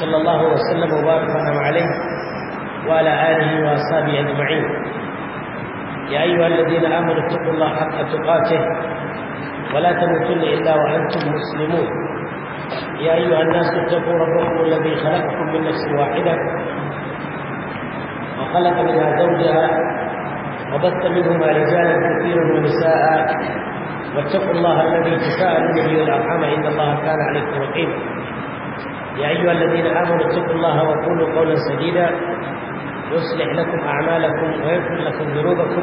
صلى الله وسلم وبارك عليه وعلى آله وأصحابه أجمعين يا أيها الذين آمنوا اتقوا الله حق تقاته ولا تموتن إلا وأنتم مسلمون يا أيها الناس اتقوا ربكم الذي خلقكم من نفس واحدة وخلق منها زوجها وبث منهما رجالا كثيرا ونساء واتقوا الله الذي تساءلون به والارحام إن الله كان عليكم رقيبا يا أيها الذين آمنوا اتقوا الله وقولوا قولا سديدا يصلح لكم أعمالكم ويغفر لكم ذنوبكم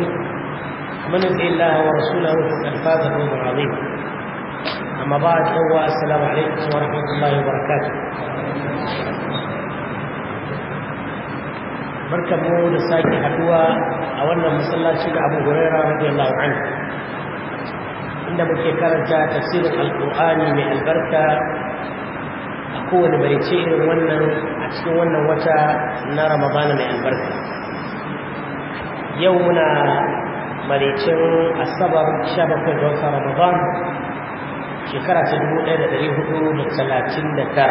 من يطع الله ورسوله فقد فاز فوزا عظيما أما بعد هو السلام عليكم ورحمة الله وبركاته مركب da حدوى haduwa a wannan ابو هريره رضي الله عنه anhu inda كانت karanta tafsirin Alqur'ani mai A kowane marice irin wannan a cikin wannan wata na ramadana mai albarka yau muna maricin asabar 17 ga wata ramadan shekara ta 1439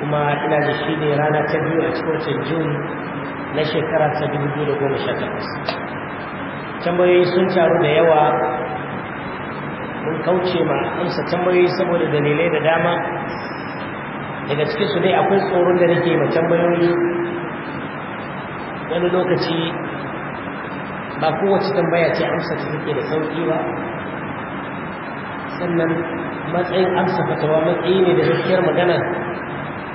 kuma ina da shi ne rana ta biyu a cikin watan jun na shekara ta 2018 tambayoyi sun taru da yawa mun kauce ma amsa tambayoyi saboda dalilai da dama daga cikin su dai akwai tsoron da nake ma tambayoyi wani lokaci ba kowace tambaya ce amsa ta take da sauki ba sannan matsayin amsa fatawa matsayi ne da gaskiyar magana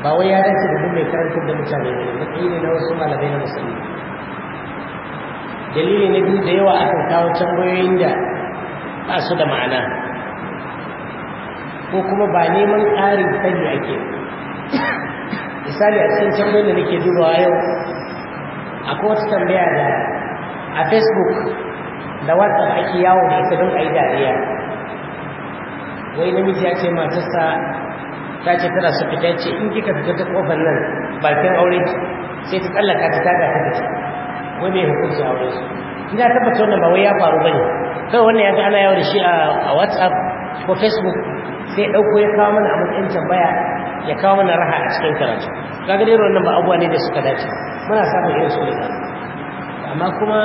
ba wai ya dace da mai karantar da mutane ne matsayi ne na wasu malamai na musulmi dalili na biyu da yawa akan kawo tambayoyin da ba su da ma'ana ko kuma ba neman ƙarin sani ake misali a cikin tambayin da nake dubawa yau akwai wata tambaya da a facebook da whatsapp ake yawo da ita don a yi dariya wai namiji ya ce matarsa ta ce tana su fita ce in kika fita ta kofar nan bakin aure sai ta tsallaka ta taga ta fita wai mai hukunci aure su ina tabbata wannan ba wai ya faru ba ne. kawai wannan ya ga ana yawo da shi a whatsapp ko facebook sai ɗauko ya kawo mana abin ɗin tambaya ya kawo mana raha a cikin karatu kaga dai wannan ba abuwa ne da suka dace muna samun irin su da amma kuma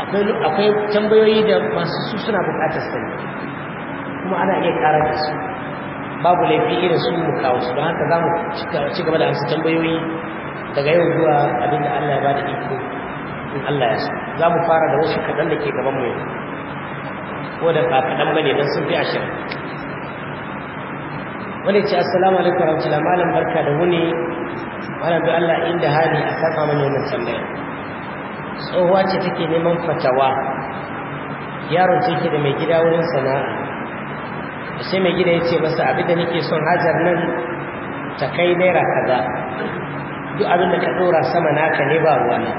akwai tambayoyi da masu su suna bukatar sani kuma ana iya ƙara da su babu laifi irin su mu kawo su don haka za mu ci gaba da amsa tambayoyi daga yau zuwa abin da Allah ya ba da iko in Allah ya sa za mu fara da wasu kaɗan da ke gaban mu yau ko da ba kaɗan ba ne don sun fi ashirin wani ce assalamu alaikum warahmatullahi malam barka da wuni malam da Allah inda hali a saka mana wannan tambaya tsohuwa ce take neman fatawa yaron ce da mai gida wurin sana'a sai mai gida ya ce masa abin da nake son hajar nan ta kai naira kaza duk abin da ka dora sama naka ne ba ruwa ne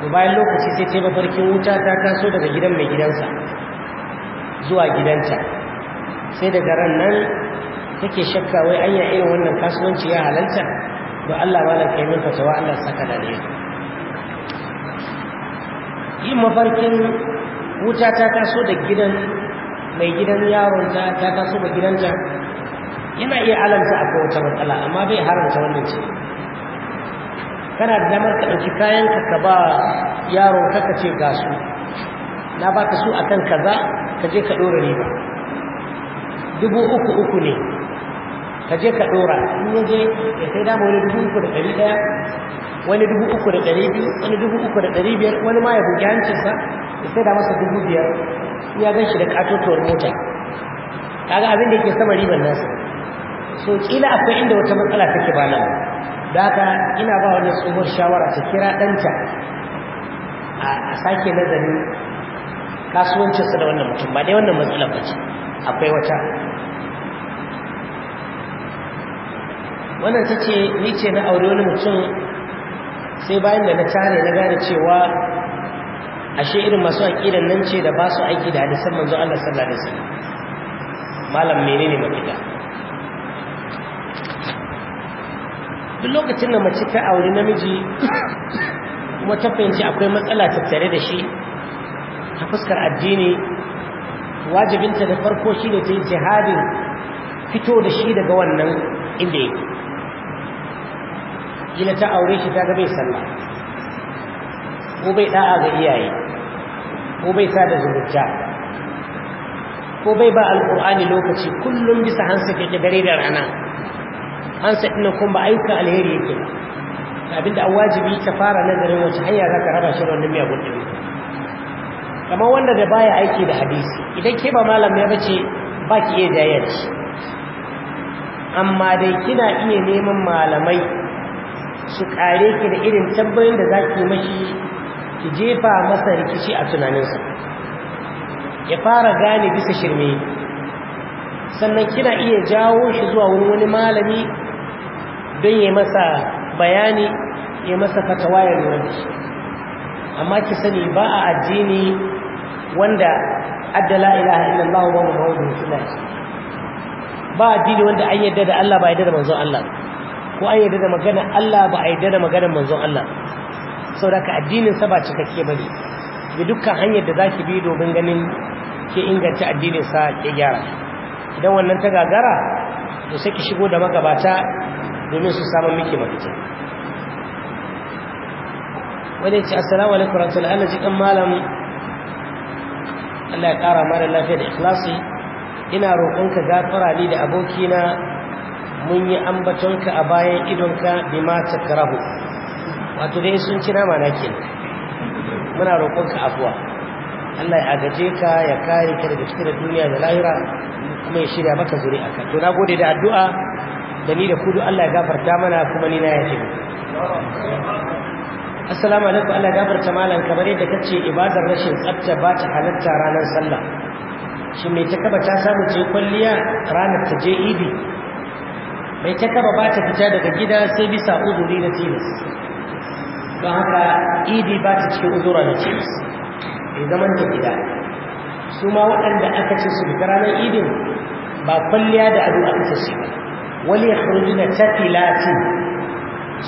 to bayan lokaci sai ta mafarkin wuta ta taso daga gidan mai gidansa zuwa gidanta sai daga ran nan Take shakka wai anya irin wannan kasuwanci ya halalta don Allah ba na kai min wa Allah saka da ne yin mafarkin wuta ta taso da gidan mai gidan yaron ta ta taso da gidanta yana iya alamta akwai wata matsala amma bai haramta wannan ce kana da damar ka ɗauki kayan ka ka ba yaron ka ka ce ga su na baka su akan kaza ka je ka ɗora riba dubu uku uku ne Kaje ka dora in ya je ya sai dama wani dubu uku da ɗari ɗaya wani dubu uku da ɗari biyu wani dubu uku da ɗari biyar wani ma ya buge hancinsa ya sai da masa dubu biyar ya gan shi da katotuwar mota kaga abin da yake sama riban nasa so kila akwai inda wata matsala take ba nan da haka ina ba wani tsohuwar shawara ta kira ɗanta a sake nazarin kasuwancinsa da wannan mutum ba dai wannan matsalar ba ce akwai wata wannan ta ce ni ce na aure wani mutum sai bayan da na tare na gane cewa ashe irin masu aƙidan nan ce da ba su aiki da hadisan manzo Allah sallallahu alaihi wasallam malam menene mafita duk lokacin da mace ta aure namiji kuma ta fahimci akwai matsala tattare da shi ta fuskar addini wajibinta da farko shi ne ta yi jihadin fito da shi daga wannan inda yake kila ta aure shi ta ga bai sallah ko bai da'a ga iyaye ko bai sada zumunta ko bai ba alqur'ani lokaci kullum bisa hansa ke dare da rana hansa din kun ba aika alheri yake abinda an wajibi ta fara nazarin wace hanya zaka raba shi wannan mai abun kamar wanda da baya aiki da hadisi idan ke ba malam ya bace baki iya jayyar amma dai kina iya neman malamai su kare ki da irin tabbayin da za ki mashi ki jefa masa rikici a tunaninsa ya fara gane bisa shirme sannan kina iya jawo shi zuwa wurin wani malami don ya masa bayani ya masa fatawa ya nuna shi amma ki sani ba a addini wanda addala ilaha illallah wa muhammadun rasulullah ba addini wanda an yadda da Allah ba yadda da manzon Allah ko an yarda da magana Allah ba a yarda da magana manzon Allah da ka addinin sa ba cikakke ne bi dukkan hanyar da zaki bi domin ganin ke inganta addinin sa ke gyara idan wannan ta gagara to sai ki shigo da magabata domin su samu miki mafita wani ce assalamu alaikum rahmatullahi Allah ji kan malam Allah ya kara mara lafiya da ikhlasi ina roƙonka gafara ni da abokina mun yi ambatonka a bayan idonka bima karahu. wato dai sun ci nama na muna roƙonka afuwa Allah ya agaje ka ya kare ka daga cikin duniya da lahira kuma ya shirya maka a ka to na gode da addu'a da ni da kudu Allah ya gafarta mana kuma ni na yafe assalamu alaikum Allah ya gafarta malam kamar yadda kace ibadar rashin tsafta ba ta halatta ranar sallah shi mai ta kaba ta samu ce kwalliya ranar ta je idi mai kaba ba ta fita daga gida sai bisa uzuri na tilas don haka idi ba ta cikin uzura na tilas bai zama ta gida su ma waɗanda aka ce su fita ranar idin ba kwalliya da abin aka ce su wani ya kuri na tafilatin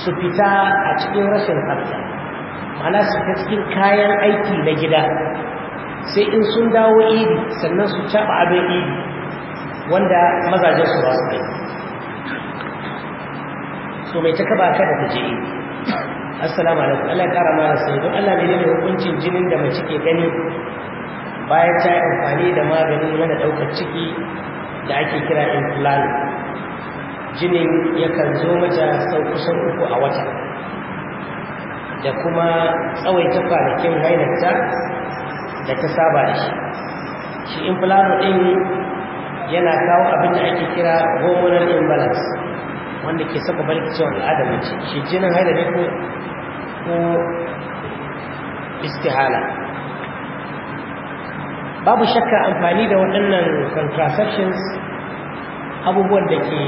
su fita a cikin rashin hafta mana su fita cikin kayan aiki na gida sai in sun dawo idi sannan su caɓa abin idi wanda mazajen su ba su kai. to mai ta kaba kada ta je assalamu alaikum Allah kara mana sai don Allah ne ne hukuncin jinin da mace ke gani bayan ta yi amfani da magani mana daukar ciki da ake kira implant jinin yakan zo mata sau kusan uku a wata da kuma tsawaita kwanakin hainarta da ta saba da shi shi implant din yana kawo abin da ake kira hormonal imbalance wanda ke saka cewa al'adar mace shi jinin haila ne ko ko istihala babu shakka amfani da waɗannan contraceptions abubuwan da ke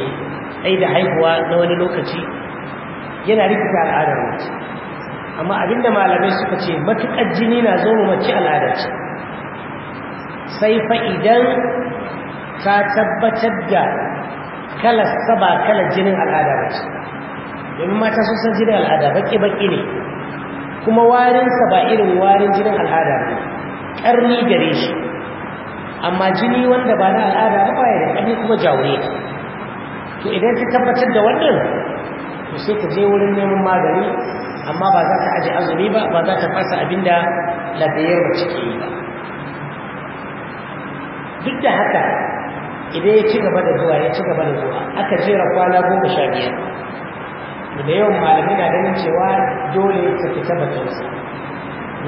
saida haihuwa na wani lokaci yana rikita al'adar mace amma abinda malamai suka ce matuƙar jini na zo mace al'adar ce sai fa idan ta tabbatar da Kala saba kala jinin al'ada ba ce domin mata sun san jinin al'ada baki-baki ne kuma warinsa ba irin warin jinin al'ada ba ƙarni gare shi amma jini wanda ba na al'ada ba ya da ƙarni kuma jawure to idan ta tabbatar da wannan to sai ta je wurin neman magani amma ba za ta aji azumi ba ba za ta fasa abin da lafiyar ciki ba duk da haka idan ya ci gaba da zuwa ya ci gaba da zuwa aka jera kwana goma sha biyar da yawan malamai na ganin cewa dole ta fita batunsa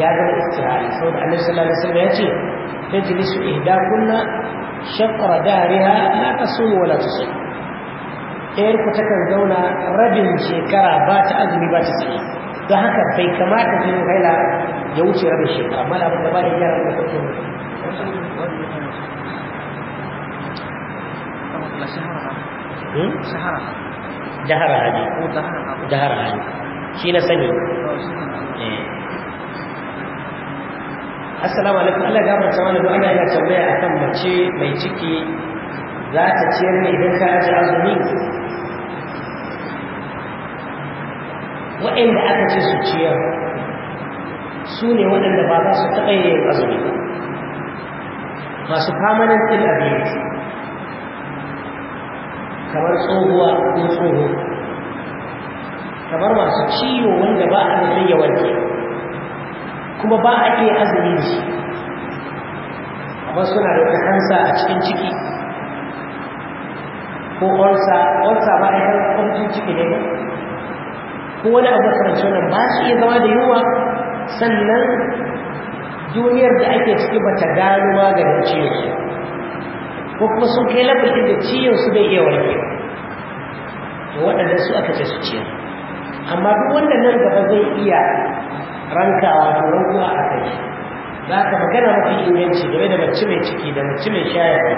ya zama istirari sau da annabi sallallahu alaihi wasallam ya ce tajlisu ihdakunna shaqra dariha la tasum wala tusum ɗayar ku takan zauna rabin shekara ba ta azumi ba ta sani don haka bai kamata jinin haila ya wuce rabin shekara amma da ba da gyara da kuma jaharaha ne jaharaha ne shi na sani oh, eh. assalamu alaikum Allah ga mutum wani ba ana tambaya akan mace mai ciki za ta ciyar ne idan ka aji azumi waɗanda aka ce su ciyar su ne waɗanda ba za su taɓa yin azumi masu permanent a abinci kamar tsohuwa ko tsoho kamar masu ciwo wanda ba a da ya warke kuma ba a iya azumi da shi amma suna da wata kansa a cikin ciki ko ƙwarsa ƙwarsa ba a yi kwanci ciki ne ba ko wani abu karanci wannan ba su iya zama da yiwuwa sannan duniyar da ake ciki ba ta gano maganin ciwo ko kuma sun kai labarin da ciyon su bai iya warkewa to waɗanda su aka ce su ciyar amma duk wanda nan gaba zai iya rankawa to rankuwa a kai za ka magana mafi inganci game da mace mai ciki da mace mai shayarwa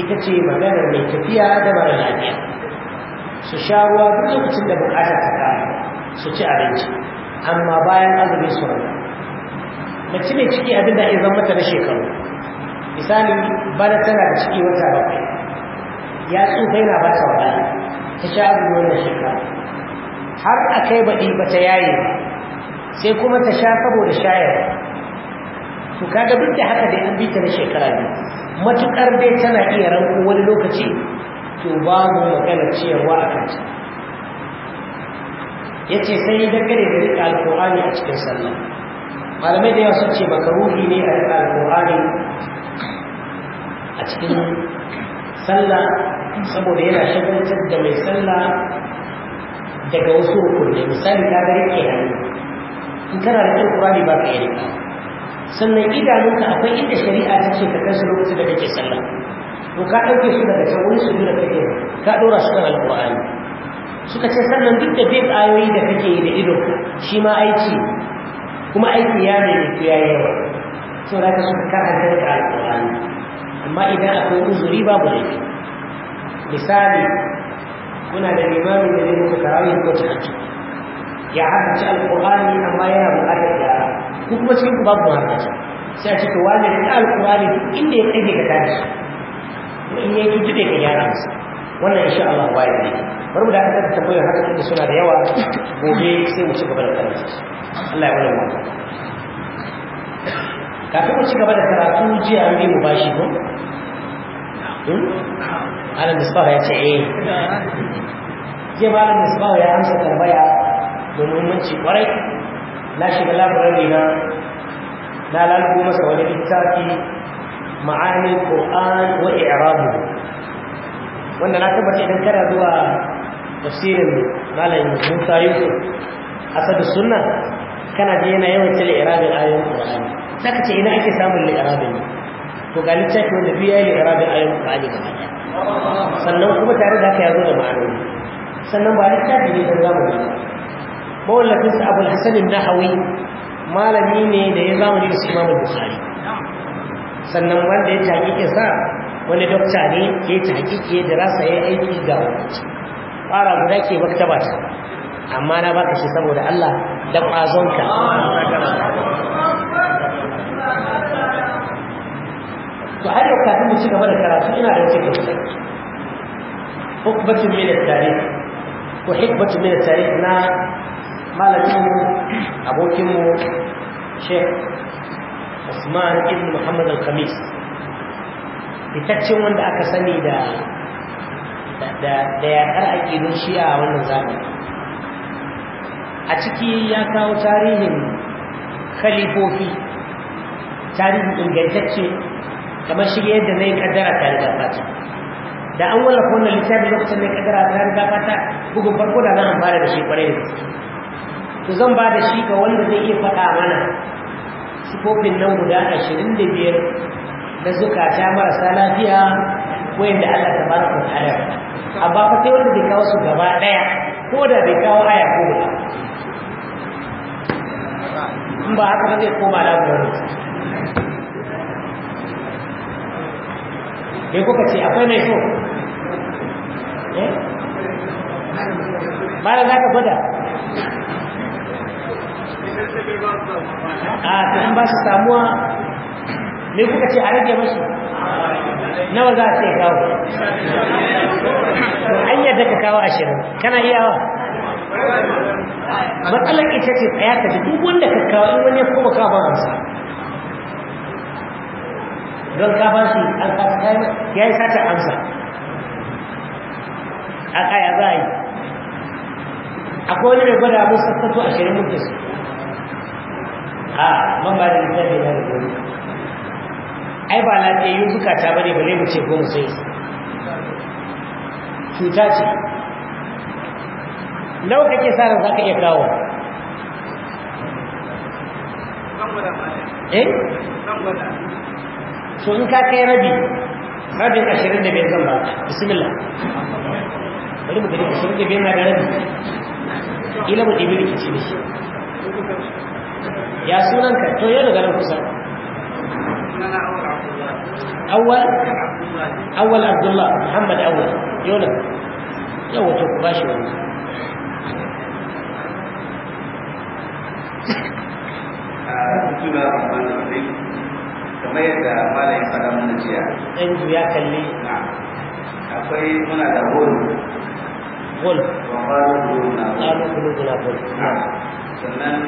ita ce maganar mai tafiya da mara lafiya su sha ruwa duk lokacin da bukata ta kare su ci abinci amma bayan azumi su rana mace mai ciki abin da ya zama mata na shekaru misali bana tana da ciki wata bakwai ya tsufa yana ba ta wahala ta sha azumi da shekara har a kai baɗi ba ta yaye sai kuma ta sha da shayar to kaga duk da haka da an bi ta na shekara biyu matuƙar dai tana iya ranko wani lokaci to ba mu maganar ciyarwa a ta. ya ce sai dangane da riƙa alƙur'ani a cikin sallah malamai da yawa sun ce makaruhi ne a riƙa alƙur'ani a cikin sallah saboda yana shagaltar da mai sallah daga wasu rukunai misali ka ga rike hannu in kana da kan kurani ba ka yi sannan idanunka akwai inda shari'a ta ce ka kansu lokacin da kake sallah to ka ɗauke su daga can wani sujuda kake ka ɗora su kan alƙur'ani suka ce sannan duk da bai ayoyi da kake yi da ido shi ma aiki kuma aiki ya ne da yawa saboda ka suka karanta daga alƙur'ani amma idan akwai uzuri babu laifi misali muna da limamin da zai muku tarawih ko ta hajji ya haɗa alƙur'ani amma yana buƙatar da ko kuma cikin ku babu haɗa sai a cikin wani da alƙur'ani inda ya kai ka tashi in ya yi tuɗe ka gyara masa wannan insha Allah ba ya ne bari mu da aka tabbata tambayar haka take suna da yawa gobe sai mu ci gaba da karatu Allah ya bada mu kafin mu ci gaba da karatu jiya an bi mu bashi ko Hmm? alam misbahu ya ce eh je malam misbahu ya amsa tambaya da muhimmanci kwarai na shiga labarin na na lalubo masa wani littafi ma'anin qur'an wa wanda na tabbata idan kana zuwa tafsirin malam Musa Yusuf asadu sunna kana je yana yawan cire irabin ayoyin qur'ani saka ina ake samun li'irabin ne to ga littafi wanda biya ya a rabin ayon ƙwani ga mata sannan kuma tare da haka ya zo da ma'anoni sannan ba littafi ne don zamani ba mawallafin sa abul hasanin nahawi malami ne da ya zamani da su imamu bukhari sannan wanda ya taƙi sa wani dokta ne ya yi ke da rasa ya aiki ga wani fara guda ke maktaba amma na baka shi saboda Allah da ƙwazonka to har yau kafin mu ci gaba da karatu ina da wasu kyauta hukbatu min tarikh ko hikbatun min tarikh na malamin abokin mu Sheikh Usman ibn Muhammad al-Khamis fitaccen wanda aka sani da da yakar aƙidun shi'a a wannan zamani a ciki ya kawo tarihin khalifofi tarihin ingantacce kamar shige yadda na yi kaddara ta riga fata da an wallafa wannan littafi lokacin yi kaddara ta riga fata bugun farko da nan fara da shi kwarai da to zan ba da shi ga wanda zai iya faɗa mana sifofin nan guda ashirin da biyar na zukata marasa lafiya wayanda Allah ta bada ku tare amma fa sai wanda bai kawo su gaba daya ko da bai kawo aya ko ba in ba haka ba zai koma labarin kai kuka ce akwai mai so eh? mara za ka gwada a ah, tunan ba su samuwa mai kuka ce a rage masu nawa za su kawo an yadda ka kawo ashirin kana iyawa matsalar ita ce tsaya ka ji duk wanda ka kawo in wani ya kuma kawo ba don ka ba shi ya yi sata amsa a kaya za a yi akwai wani mai gwada abin sassato ashirin mutum a man ba da littafi yi da gobe ai ba na lafiyayyu zukata ba ne ba mu ce goma sai cuta ce nau kake sa ran za ka iya kawo eh so in ka kai rabi rabin ashirin da biyar zan ba bismillah bari mu gani ashirin da biyar na da rabi ila mu ɗibi rikici da shi ya sunan ka to yau daga nan kusa awwal awwal abdullah muhammad awwal yau da yau wato ku ba shi wani بسم الله الرحمن الرحيم kamar yadda malayin faɗa mana jiya ɗan ya kalli akwai muna da gol gol tsarin kulubuna gol sannan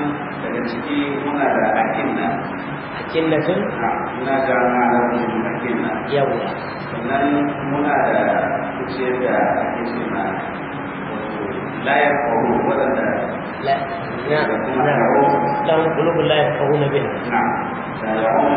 daga ciki muna da akinna akinna tun muna da ma'alamun akinna yawa sannan muna da kuciyar da ake suna layar kwaro waɗanda da kuma kwaro ɗan kulubun layar kwaro na bin da yawon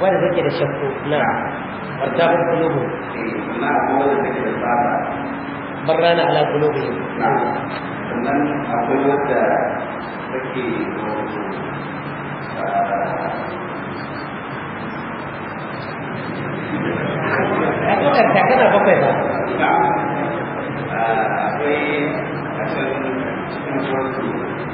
wanda take da shakku na warta ba kulubu na take da tsada barrana ala kulubu na sannan akwai wanda take a bakwai ba akwai a cikin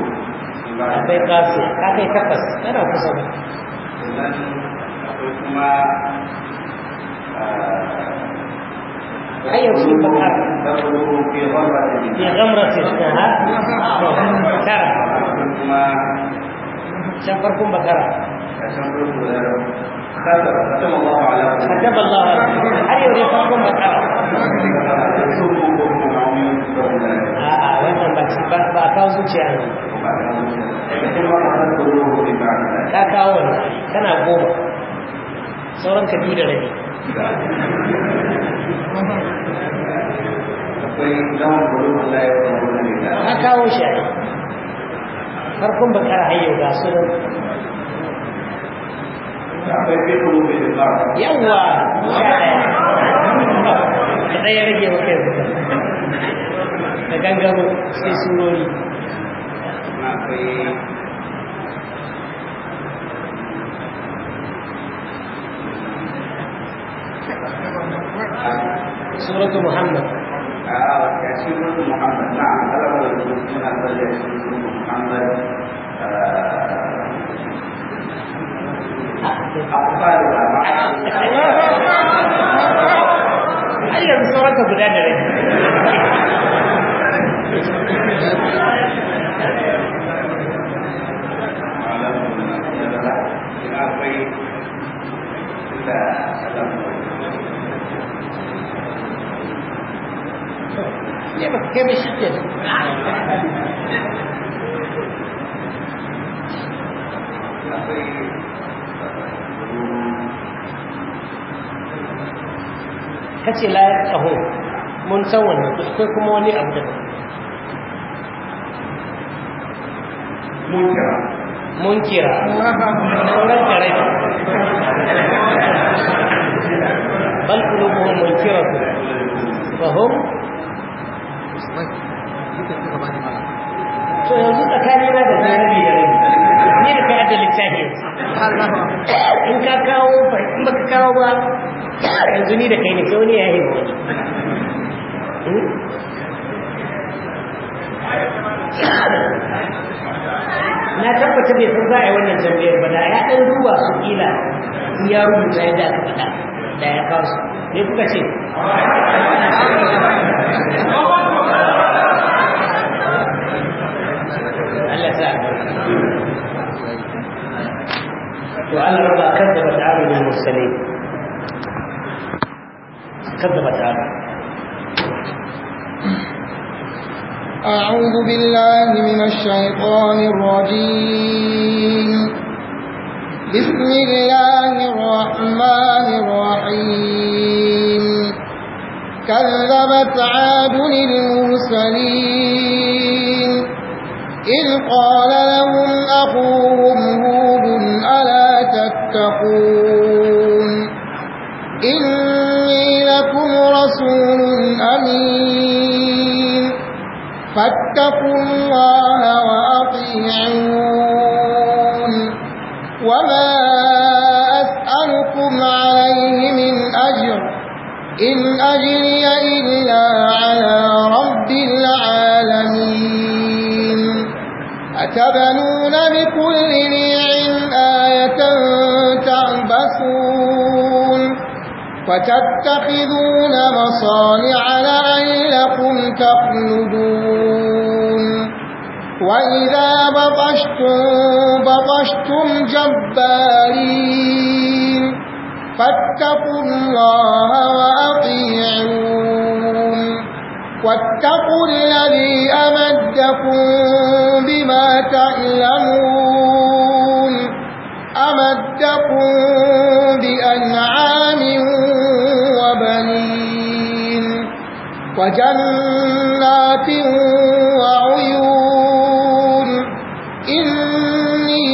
sai ka sai ka kai tabbas kana kusa ba dan akwai kuma ayyuka bakara san farkon bakara a'a ba kawo zuciya ta kawo goma sauran ka da rabi ka kawo shi ne farkon bakar hayyau ga su nan yawwa ka rage maka yanzu da gangamo sai surori suratu muhammad ya suratu muhammad nah kalau muhammad ya suratu muhammad Ayyar surat guda da rai. kai mai shi ka layar tsaho mun san wannan kuskure kuma wani abu da mun kira sauran karai bal kulubuhum munkiratu fa hum in ka kawo in baka kawo ba yanzu ni da kai ne wani ya yi hmm? na tabbata bai san za a wannan tambayar ba da ya ɗan duba su kila in ya rubuta yadda aka faɗa da ya kawo su ne kuka ce وعلى ربها كذبت عاد المرسلين كذبت عاد أعوذ بالله من الشيطان الرجيم بسم الله الرحمن الرحيم كذبت عاد المرسلين إذ قال لهم أخوهم تتقون إني لكم رسول أمين فاتقوا الله وأطيعون فتتخذون مصانع لعلكم تخلدون وإذا بطشتم بطشتم جبارين فاتقوا الله وأطيعون واتقوا الذي أمدكم بما تعلمون وجنات وعيون إني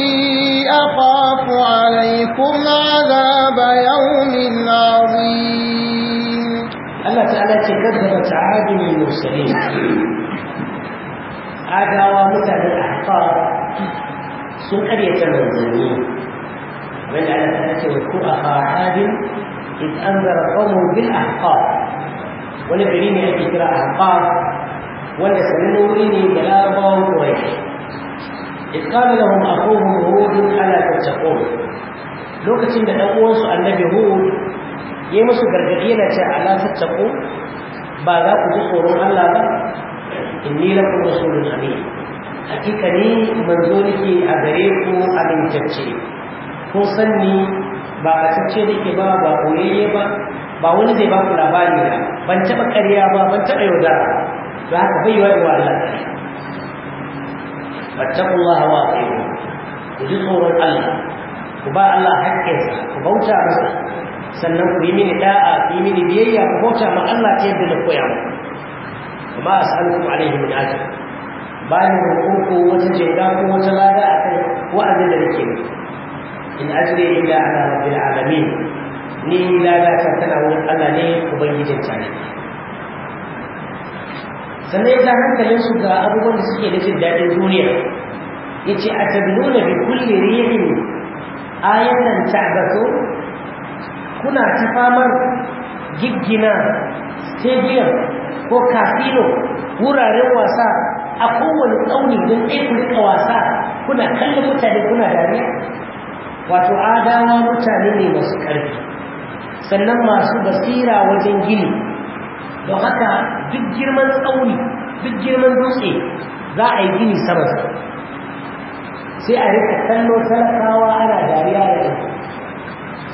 أخاف عليكم عذاب يوم عظيم الله تعالى كذبت عاد المرسلين عاد ومتى الأحقار سن قرية المنزلين بل على ذلك وكو أخا عاد إذ أنذر قومه بالأحقار wani gari ne ake kira ahqaf wanda sanannen wuri ne da larabawan quraish iskala lahum akuhum din ala tattaqun lokacin da dan uwansu annabi ya yayi musu gargadi yana cewa ala tattaqu ba za ku ji tsoron Allah ba inni lakum rasulun amin hakika ni manzo nake a gare ku amintacce ko sanni ba a tacce nake ba ba koyayye ba ba wani zai ba ku labari ba ban taɓa ƙarya ba ban taɓa yaudara ba ka bai wa iwa Allah fattakullaha wa aqim ku ji tsoron Allah ku ba Allah haƙƙinsa ku bauta masa sannan ku yi mini da'a ku yi mini biyayya ku bauta ma Allah ta yadda na koya muku kuma as'alukum alaihi min ajr bayan hukunku wata jega ko wata lada akan wa'azin da nake muku in ajiye illa ala rabbil alamin ni lalata tana wurin Allah ne ubangijin tare sannan ya hankalin su ga abubuwan da suke da jin daɗin duniya ya ce a tabinuna bi kulli rihin ayatan ta'abato kuna ta famar giggina stadium ko casino wuraren wasa a kowane tsauni don ɗaya wasa kuna kallon mutane kuna dariya wato adawa mutane ne masu ƙarfi sannan masu basira wajen gini da haka duk girman tsauni duk girman dutse za a yi gini samansa sai a rika kallo talakawa ana dariya da ɗan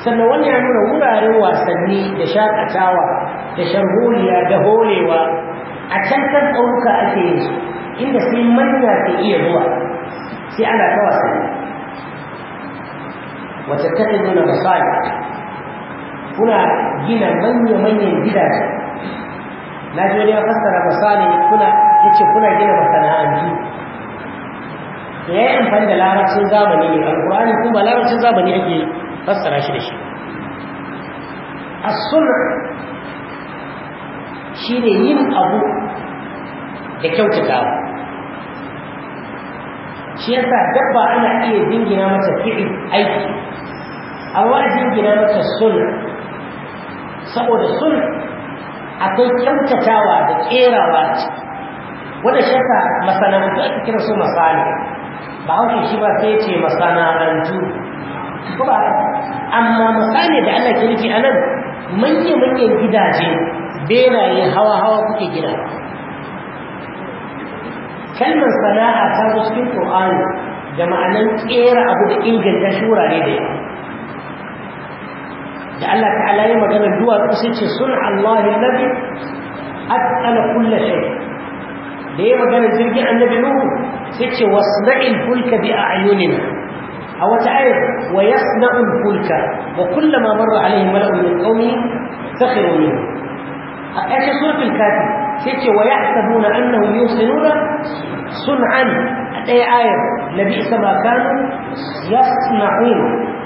sannan wani ya nuna wuraren wasanni da shakatawa da sharholiya da holewa a can kan tsaunuka ake yin su inda sai manya ke iya zuwa sai ana ta wasanni wata tattalin nuna masali kuna gina manya-manyan gidaje na ji wani ya fassara misali kuna yace kuna gina masana'antu to ya yi amfani da larabcin zamani ne alkur'ani kuma larabcin zamani ake fassara shi da shi as-sulh shine yin abu da kyautata shi yasa dabba ana iya dingina mata fi'il aiki a wajen gina mata sulh saboda sun akwai kyautatawa da kerawa wanda shaka masana'antu ake kira su masani ba haushi shi ba sai ce masana'antu ko amma masana da Allah ke nufi anan manya-manyan gidaje benaye hawa-hawa kuke gida. kalmar sana'a ta zo cikin Qur'ani da ma'anan kera abu da inganta ne da yawa da Allah ta'ala ya magana duwatsu sai ce sun Allah nabi atqala kulli shay da ya magana jirgin annabi nuhu sai ce wasna'il fulka bi a'yunina a wata ayar wa yasna'ul fulka wa kullama marra alaihi mala'un min qaumi sakhiru minhu a ƙarshe suratul kafi sai ce wa yahsabuna annahum Sun sun'an a ɗaya ayar labi isa ma kanu yasna'un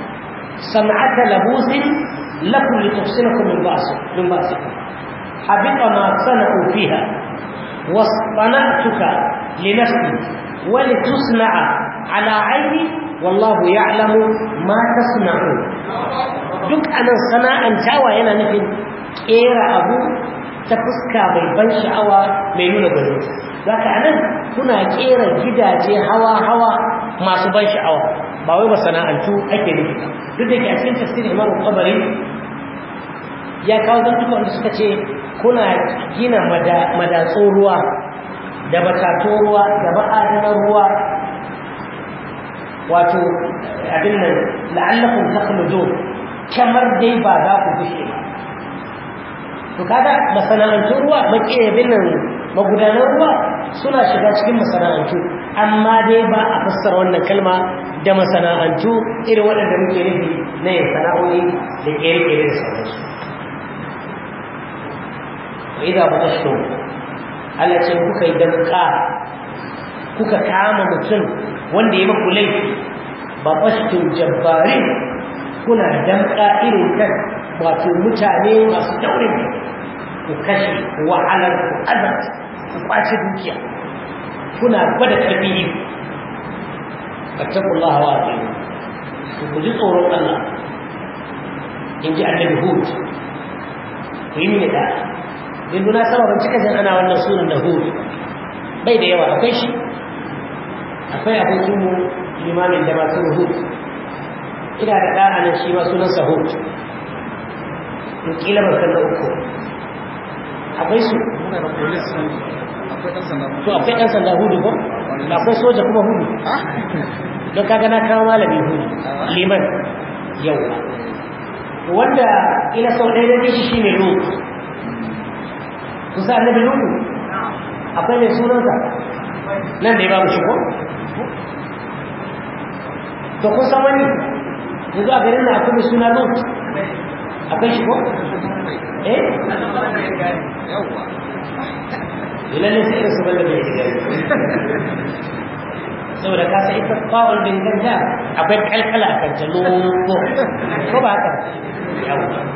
صنعة لبوس لكم لتحسنكم من بأسكم من بأسكم حبط ما صنعوا فيها واصطنعتك لنفسي ولتصنع على عيني والله يعلم ما تصنعون duk anan sana'antawa yana nufin kera abu ta fuska mai ban sha'awa mai nuna gwazo za ka anan kuna kera gidaje hawa-hawa masu ban sha'awa ba wai ba sana'antu ake nufi duk da ke a cikin tafsirin imam al-qabari ya kawo zantuka wanda suka ce kuna gina madatsun ruwa da matatun ruwa da ma'adanar ruwa wato abin nan la'allakun takhludu kamar dai ba za ku gushe ba to kaga masana'antun ruwa makiyabin nan magudanar ruwa suna shiga cikin masana'antu amma dai ba a fassara wannan kalma da masana'antu irin waɗanda muke nufi na yin sana'o'i da ƙere-ƙere da sauransu idan ba ta shi Allah ce kuka yi danka kuka kama mutum wanda ya maku laifi ba fashtun jabbari kuna danka irin kan wato mutane masu daurin ku kashe wahalar ku azabta ku kwace dukiya kuna gwada karfi ne lahawa a tsaye ku guji tsoron Allah in ji annabi hud ku yi ne da yanzu na saba ban cika jin ana wannan sunan da hud bai da yawa akwai shi akwai abokinmu limamin da masu hud ina da ɗa nan shi ma sunansa hud in kila ban san na uku akwai su to akwai ɗan sanda hudu ko akwai soja kuma hudu don kaga na kawo malami hudu liman yau wanda ila sau ɗaya da shi ne ruhu kusa annabi ruhu akwai mai sunanta? nan da ya ba mu ko? to kusa wani yanzu a garin na akwai mai suna ruhu akwai shi ko eh lalle sai da sabon da bai gari saboda ka sai ita fa'ul din ganda akwai kalkala a kan jalo ko ba haka yawa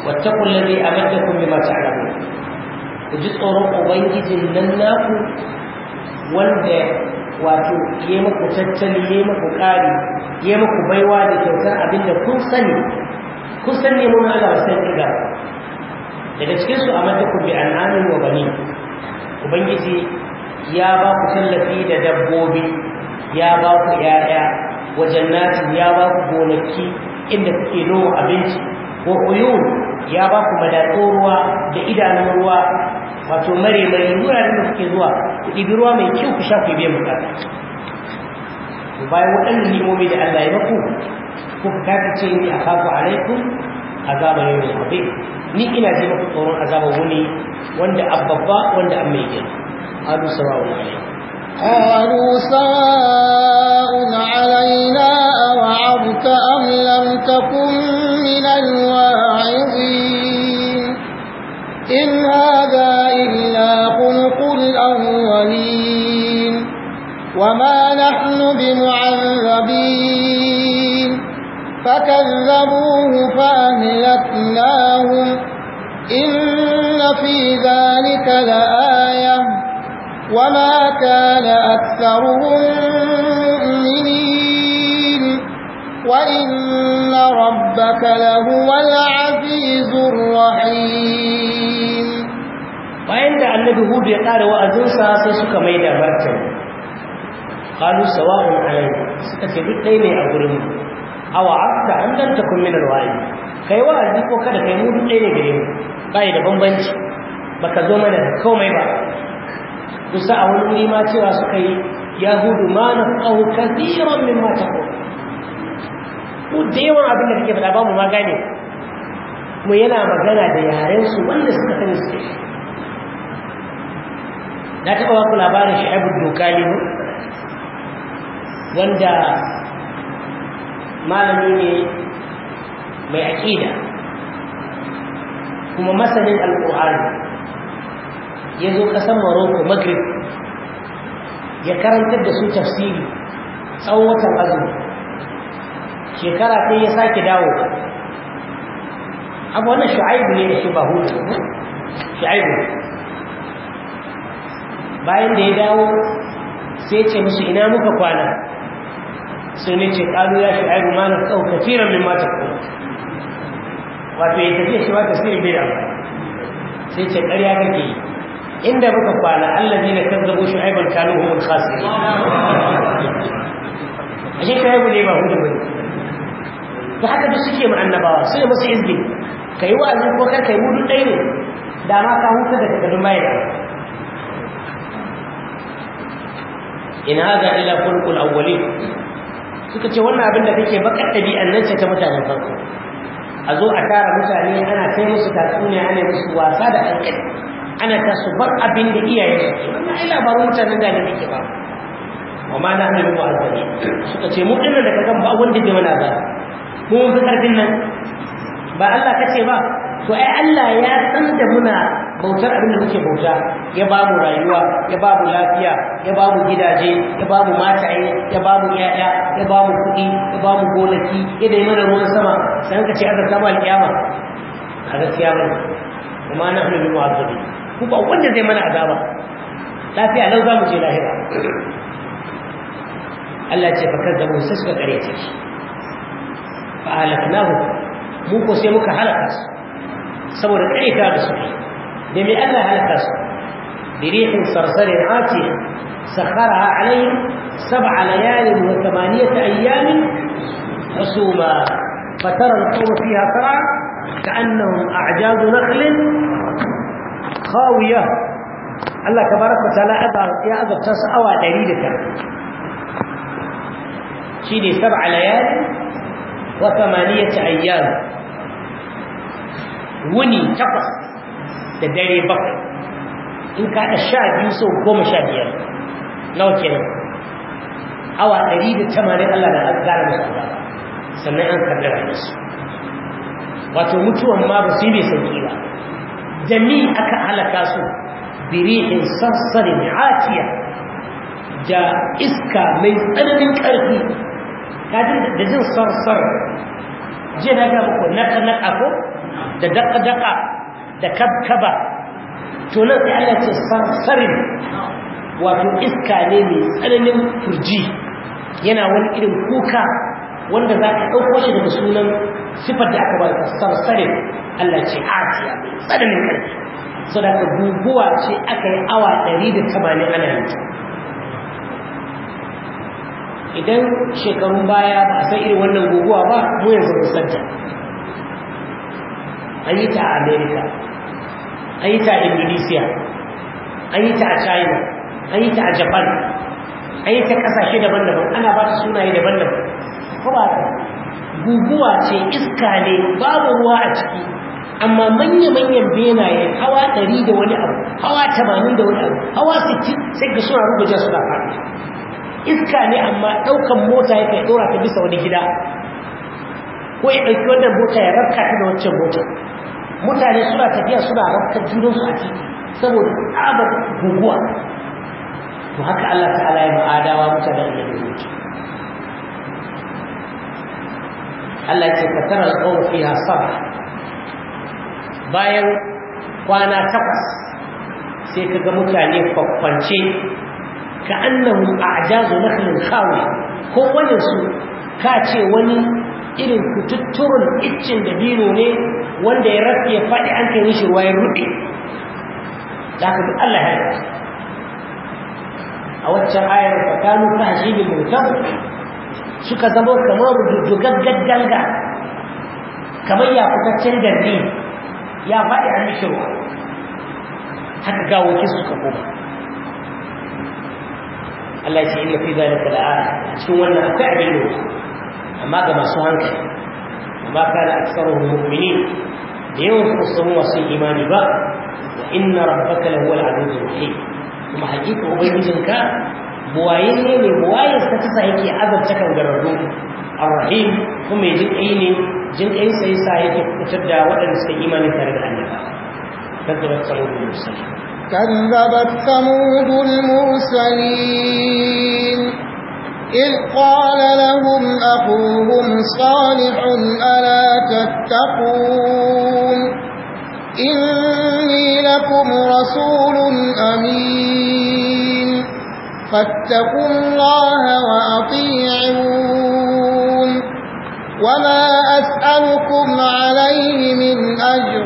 واتقوا الذي أمدكم بما تعلمون وجد أوروبا ويجد الناكو والبيع wato ya muku tattali ya muku ƙari ya muku baiwa da kyautar abin da kun sani kun san mun ala sai kiga daga cikin su a mata bi an'amin wa bani ubangiji ya ba ku tallafi da dabbobi ya ba ku yaya wajen nasi ya ba ku gonaki inda kuke noma abinci wa kuyu ya ba ku madatsun ruwa da idanun ruwa wato mare mai wuraren da kuke zuwa ku ɗibi ruwa mai kyau ku sha ku biyan bukata to bayan waɗannan limomi da Allah ya baku, kuka kafi ce ni akafu alaikum azaba yau da gobe ni ina ji maku tsoron azaba wani wanda abbabba wanda an mai gina qalu sawa'un alaina qalu sawa'un alaina aw'abta am lam takun min alwa'izin in وما نحن بمعذبين فكذبوه فأهلكناهم إن في ذلك لآية وما كان أكثرهم مؤمنين وإن ربك لهو العزيز الرحيم وإن النبي هود يقال وأزنسا سسك ميدا qalu sawa'un alayna suka ce duk dai ne a gurin mu aw an dan kun min alwa'i kai wa'azi ko kada kai mu duk dai ne gare mu bai da bambanci baka zo mana da komai ba kusa a wani wuri ma cewa suka yi yahudu ma na nafqahu kathiran mimma taqul ku da yawan abin da kake faɗa ba mu ma gane mu yana magana da yaren su wanda suka sani su na taɓa wasu labarin labarin abu dokali ne wanda malami ne mai aƙida kuma masanin alƙur'ani ya zo ƙasar maroko magrib ya karantar da su tafsiri tsawon watan azumi shekara ta ya sake dawo abu wannan shu'aibu ne da shi ba hutu shu'aibu bayan da ya dawo sai ce musu ina muka kwana sai ne ce ƙalu ya shi aibu ma na tsawo kafiran min mata kuma wato ya tafiya shi ma tasirin bai da sai ce ƙarya kake yi inda muka kwana allazi na kan zabo aibar kanu kasu khasiri ashe ta bu ne ba hudu bane ta haka duk suke mu annabawa sai musu izgi yi wa'azi ko kar yi hudu ɗaya ne da ma ka huta da takardun mai in hada illa kulkul awwalin suka ce wannan abin da kake bakar ɗabi'an nan ce ta mutanen farko a zo a tara mutane ana kai musu tatsuniya ana musu wasa da hankali ana ta su bar abin da iyaye su wannan ai labarin mutanen da ne nake ba wa ma na hannu ba alfani suka ce mu dinnan da kaga ba wanda ke mana ba mu mun fi karfin nan ba Allah kace ba to ai Allah ya san da muna bautar abin da muke bauta ya ba mu rayuwa ya ba mu lafiya ya ba mu gidaje ya ba mu mataye ya ba mu ƴaƴa ya ba mu kuɗi ya ba mu gonaki ya da mana ruwan sama sai ka ce aka samu alƙiyama a gaskiya ba kuma na hannu mu azabi ku ba wanda zai mana azaba lafiya lau za mu je lahira Allah ce fakar da mu sai suka kare ta shi fa halaknahu mu ko sai muka halaka su saboda kare ta da su بمئة الله هلكاسو بريح صرصر عاتية سخرها عليهم سبع ليال وثمانية أيام حسوما فترى القوم فيها ترى كأنهم أعجاز نخل خاوية الله تبارك وتعالى يا أبا تاس أوى دليلك شيني سبع ليال وثمانية أيام وني تقص da dare bakwai in ka da sha biyu sau goma sha biyar nawa kenan awa ɗari da tamanin allah da gara musu ba sannan an karɓi rayuwarsu wato mutuwan ma ba su yi mai sauƙi ba jami aka halaka su birihin sassarin hatiya da iska mai tsananin ƙarfi kaji da jin sarsar jiya na ga muku na naka ko da daka daka da kabkaba to nan sai Allah ce sarsarin wato iska ne mai tsananin furji yana wani irin kuka wanda za ka ɗauko shi daga sunan sifar da aka bada sarsarin Allah ce atiya mai tsananin ƙarfi sadaka guguwa ce aka yi awa 180 ana yi idan shekarun baya ba a san irin wannan guguwa ba mu yanzu musanta an yi ta a america an yi ta a indonesia an yi ta a china an yi ta a japan an yi ta kasashe daban-daban ana ba ta sunaye daban-daban ko ba ta guguwa ce iska ne babu ruwa a ciki amma manya-manyan benaye hawa ɗari da wani abu hawa tamanin da wani abu hawa sittin sai ga suna rubuta suna faɗi iska ne amma ɗaukan mota ya kai ɗora ta bisa wani gida ko ya ɗauki wannan mota ya rarka ta da wancan mota mutane suna tafiya suna rafkar junansu a ciki saboda tsabar guguwa to haka Allah ta'ala ya ma'adawa mutane da yake zuci Allah ce ka tara tsawon fiha sabra bayan kwana takwas sai ka ga mutane kwakwance ka annahu a'jazu nakhlin khawi ko wani su ka ce wani irin kututturun iccin da biro ne wanda ya rafi ya faɗi an kai mishi ruwa ya ruɗe da aka duk Allah ya rufe a waccan ayar fakanu ta hashibin mutum suka zama kamar rujugaggar ganga kamar ya fitaccen darni ya faɗi an mishi ruwa haka gawoki suka koma Allah ya ce inna fi zalika la'aya cikin wannan akwai abin da amma ga masu hankali amma da aksaruhum mu'minin da yawan su wasu masu imani ba wa inna rabbaka lahuwal azizur rahim kuma hakika ubangijinka buwaye ne ne buwaye ta kasa yake azabta kan gararru arrahim kuma ya jinƙai ne jinƙai sai sa yake fitar da waɗanda suka imani tare da annaba kaddabat samud al-mursalin kaddabat samud إذ قال لهم أخوهم صالح ألا تتقون إني لكم رسول أمين فاتقوا الله وأطيعون وما أسألكم عليه من أجر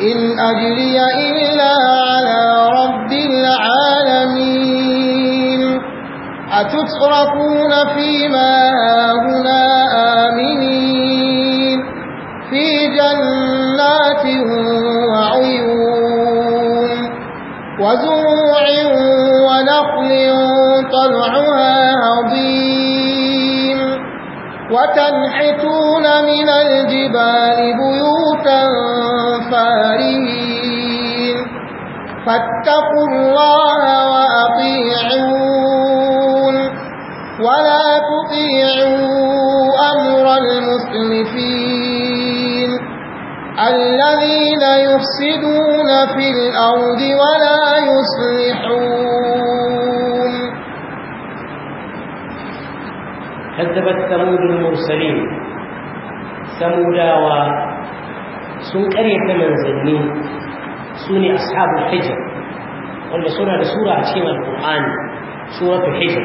إن أجري إلا على رب العالمين أتتركون فيما هنا آمنين في جنات وعيون وزروع ونقل طلعها هضيم وتنحتون من الجبال بيوتا فارهين فاتقوا الله وأطيعون ولا تطيعوا أمر المسلفين الذين يفسدون في الأرض ولا يصلحون كذبت ثمود المرسلين ثموداوى سنكرية منزلين سوني أصحاب الحجر wanda suna da sura القرآن سورة الحجر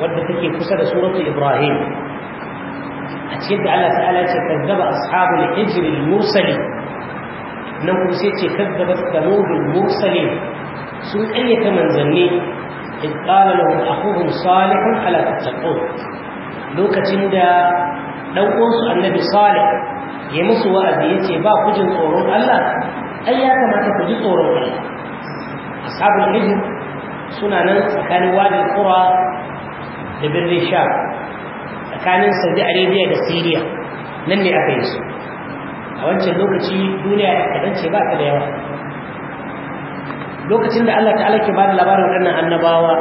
wadda take kusa da suratu ibrahim a cikin da Allah ta'ala ce kazzaba ashabul hijr al-mursali nan kuma sai ce kazzaba thamud al-mursali sun ƙaryata manzanni in qala lahum akhuhum salihun ala tattaqun lokacin da dan uwansu annabi salih ya musu wa'azi yace ba ku jin tsoron Allah ai ya kamata ku ji tsoron Allah ashabul hijr suna nan tsakanin wadin kura. da birnin sha tsakanin saudi arabia da syria nan ne aka yi su a wancan lokaci duniya kaɗan ce ba ta da yawa lokacin da allah ta'ala ke ba da labarin waɗannan annabawa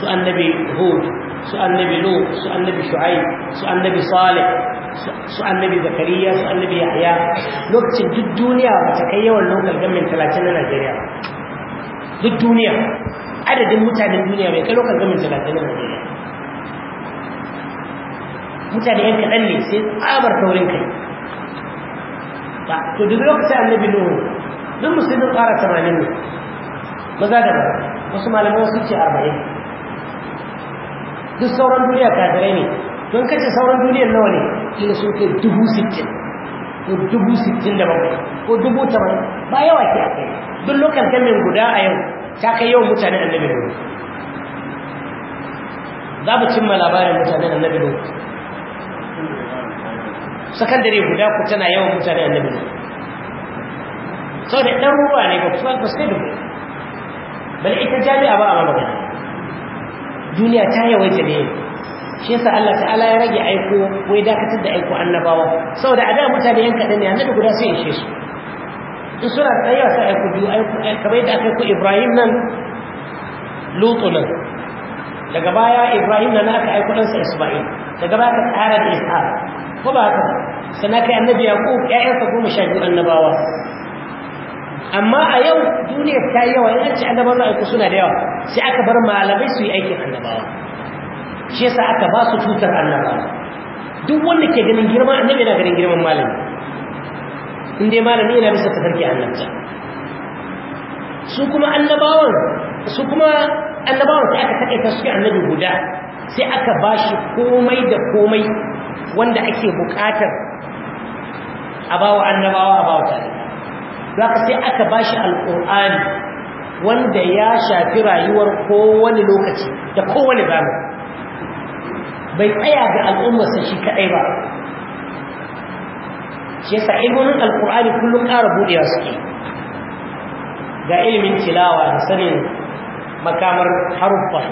su annabi hud su annabi lu su annabi shu'aib su annabi salih su annabi zakariya su annabi yahya lokacin duk duniya ba ta kai yawan local government talatin na najeriya duk duniya adadin mutanen duniya bai kai local government talatin na najeriya mutane yan kaɗan ne sai tsabar taurin kai ba to duk lokacin annabi nuhu duk musulmin ƙara tamanin ne maza da wasu malamai wasu ce arba'in duk sauran duniya kafirai ne don kace sauran duniyar nawa ne kila sun kai dubu sittin ko dubu sittin da bakwai ko dubu tamanin ba yawa ke a kai duk lokacin gamin guda a yau ta kai yawan mutane annabi nuhu za mu cimma labarin mutanen annabi nuhu sakandare guda ku tana yawan mutane annabi ne sau da ruwa ne ba kusa ba sai da ku bal ita jami'a ba a ba magana duniya ta yawaita ne shi yasa Allah ta'ala ya rage aiko wai dakatar da aiko annabawa saboda a da mutane yan kaɗan ne annabi guda sai ishe su in suna tsaye sai aiko biyu kamar yadda aka ku Ibrahim nan Lutu nan daga baya Ibrahim nan aka aiko ɗansa Isma'il daga baya ka tsara da Ishaq ko ba haka sannan kai annabi yaqub ƴaƴansa goma sha biyu annabawa amma a yau duniyar ta yi yawa yanci annabawa ku suna da yawa sai aka bar malamai su yi aikin annabawa shi yasa aka ba su tutar annabawa duk wanda ke ganin girman annabi yana ganin girman malami in dai malami yana bisa tafarki annabta su kuma annabawan su kuma annabawan sai aka taƙaita su annabi guda sai aka ba shi komai da komai wanda ake buƙatar a bawa annabawa a bawa tare za ka sai aka ba shi alƙur'ani wanda ya shafi rayuwar kowane lokaci da kowane zamani bai tsaya ga al'ummarsa shi kaɗai ba shi yasa alkur'ani kullum ƙara buɗewa suke ga ilimin tilawa da sanin makamar haruffa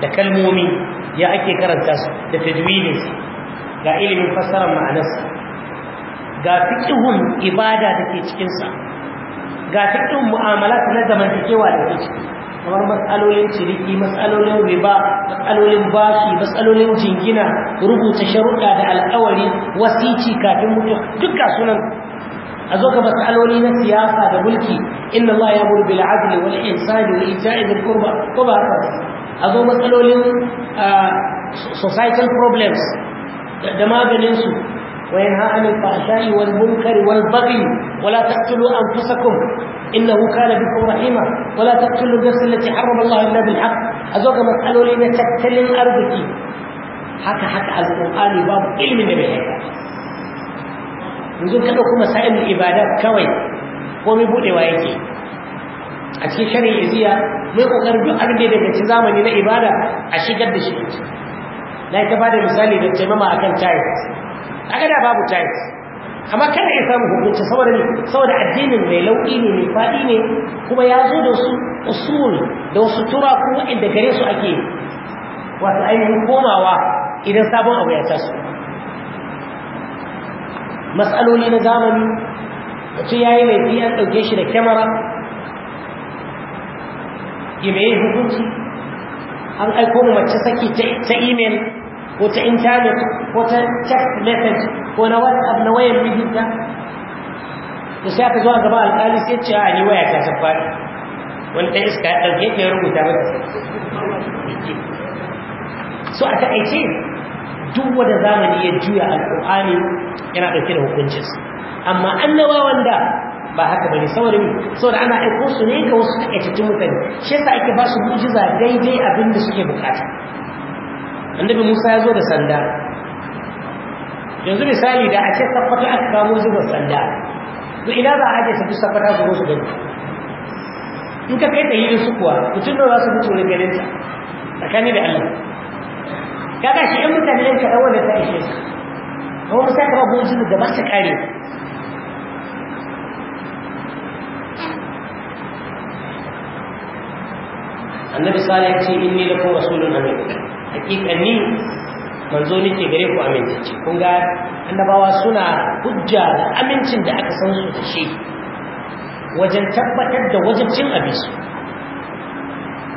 da kalmomi ya ake karanta su da tajwidinsu ga ilimin fassarar ma'anarsa ga fiƙihun ibada da ke cikinsa ga fiƙihun ta na zamantakewa da ke ciki kamar matsalolin ciriki, matsalolin riba matsalolin bashi matsalolin jingina rubuta sharuɗa da alƙawari wasici kafin mutu duka sunan a zo ga matsaloli na siyasa da mulki inna Allah ya buru bil adli wal ihsan wa ita'i dhil qurba ko ba a zo matsalolin ah, societal problems da maganin su wa yanha anil fahsha'i wal munkari wal baghi wala taqtulu anfusakum innahu kana bikum rahima wala taqtulu nafsa allati harrama Allah illa bil haqq azoka masaloli na tattalin arziki haka haka alqur'ani babu ilmin da bai yanzu ka dauko masail ibada kawai ko mai budewa yake a cikin shari'a mai kokarin duk abin da daga ci zamani na ibada a shigar da shi na yi ba da misali da taimama a kan tayis aka gada babu tayis amma kada ya samu hukunci saboda addinin mai lauƙi ne mai faɗi ne kuma ya zo da su usul da wasu tura kuma inda gare su ake wasu ainihin komawa idan sabon abu ya taso matsaloli na zamani mutum ya yi laifi an ɗauke shi da kyamara ya mai hukunci an aiko mu mace saki ta imel ko ta intanet ko ta text message ko na whatsapp na wayar mijinta da sai aka zuwa gaba alƙali sai ce a ni waya ta ta faɗi wani ɗan iska ya ɗauke ta rubuta mata so a taƙaice duk wanda zamani ya juya alƙur'ani yana ɗauke da hukuncinsa amma annabawan da ba haka bane saboda me saboda ana aiko su ne ga wasu takaitattun mutane shi yasa ake ba su mu'jiza daidai abin da suke bukata annabi musa ya zo da sanda yanzu misali da a ce tabbata aka kamo zubar sanda to ina za a ajiye su duk tabbata su zo su gani in ka kai ta yi su kuwa mutum da za su mutu ne ganin ta tsakani da allah kaga shi yan mutane yan kaɗan wanda ta ishe su kuma musa ka ba bujin da ba su kare annabi sallallahu alaihi wasallam ya ce inni lakum rasulun amin hakikanni manzo nake gare ku amincicci kun ga annabawa suna hujja da amincin da aka san su da shi wajen tabbatar da wajibcin abisu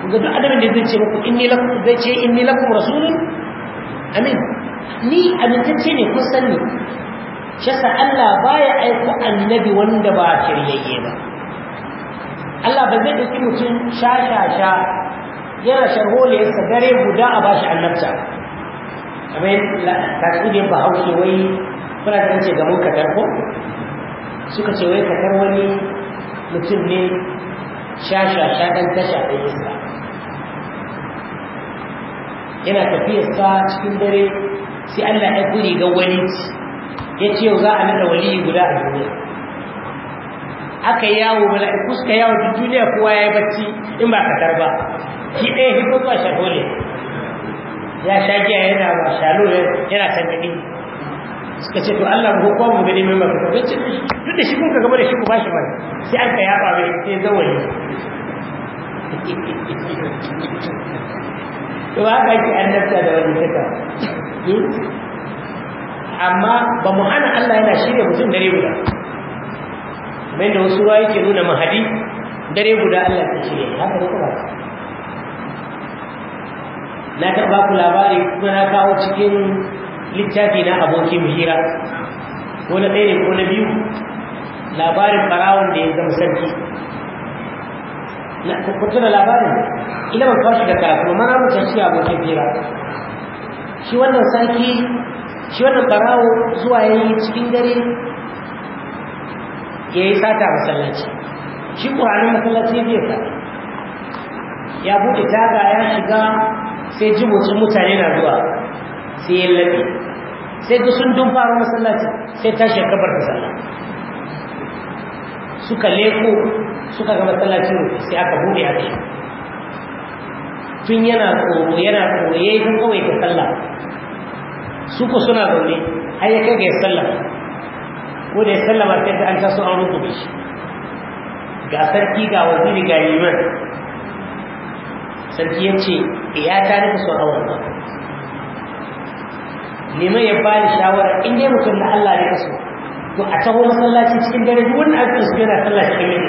kun ga duk adamin da zai ce muku inni lakum zai ce inni lakum rasulun amin ni amintacce ne kun san ni shi yasa Allah baya aiko annabi wanda ba shiryayye ba Allah ba zai dauki mutum sha sha sha yana sharholiyarsa dare guda a bashi annabta kamar tasiriyar ba haushe wai kuna ta ce gamon katar ko suka ce wai katar wani mutum ne shashasha ɗan tasha ɗan iska yana tafiyarsa cikin dare sai allah ya kuri ga wani ya ce yau za a nada wali guda a duniya aka yawo mala'iku suka yawo duk duniya kowa ya yi bacci in ba katar ba shi ɗaya hikun ba shagole ya sha giya yana ba shalo yana sangaɗi suka ce to Allah ko ko mu gani mai maka ce duk da shi kun ka gaba da shi ku bashi wani sai an ka yaba mai sai zawali to ka ki annabta da wani kaka amma ba mu hana Allah yana shirya mutum dare guda kamar da wasu ruwa yake nuna mahadi dare guda Allah ya shirya haka ne kuma na kan ba ku labari kuma na kawo cikin littafi na abokin hira ko na ɗaya ko na biyu labarin farawon da ya zama sarki kuka da labarin ina ban kawo da karatu mana mutum shi abokin hira shi wannan sarki shi wannan barawo zuwa ya yi cikin dare ya yi sata masallaci shi ƙuranin masallaci zai sa ya buɗe taga ya shiga sai ji motsin mutane na zuwa sai ya laɓe sai ga sun dun fara masallaci sai tashi kabar da sallah suka leko suka ga masallaci sai aka bude a shi tun yana tsoro yana tsoro ya yi kawai ta sallah su ku suna zaune har ya kai ga sallah ko da ya sallah ba sai an taso an rufe shi ga sarki ga waziri ga liman sarki ya ce iyata nika so auren ba neman ya ba da shawara in dai mutum na Allah ya kaso to a taho masallaci cikin dare duk wani abin su yana sallah cikin dare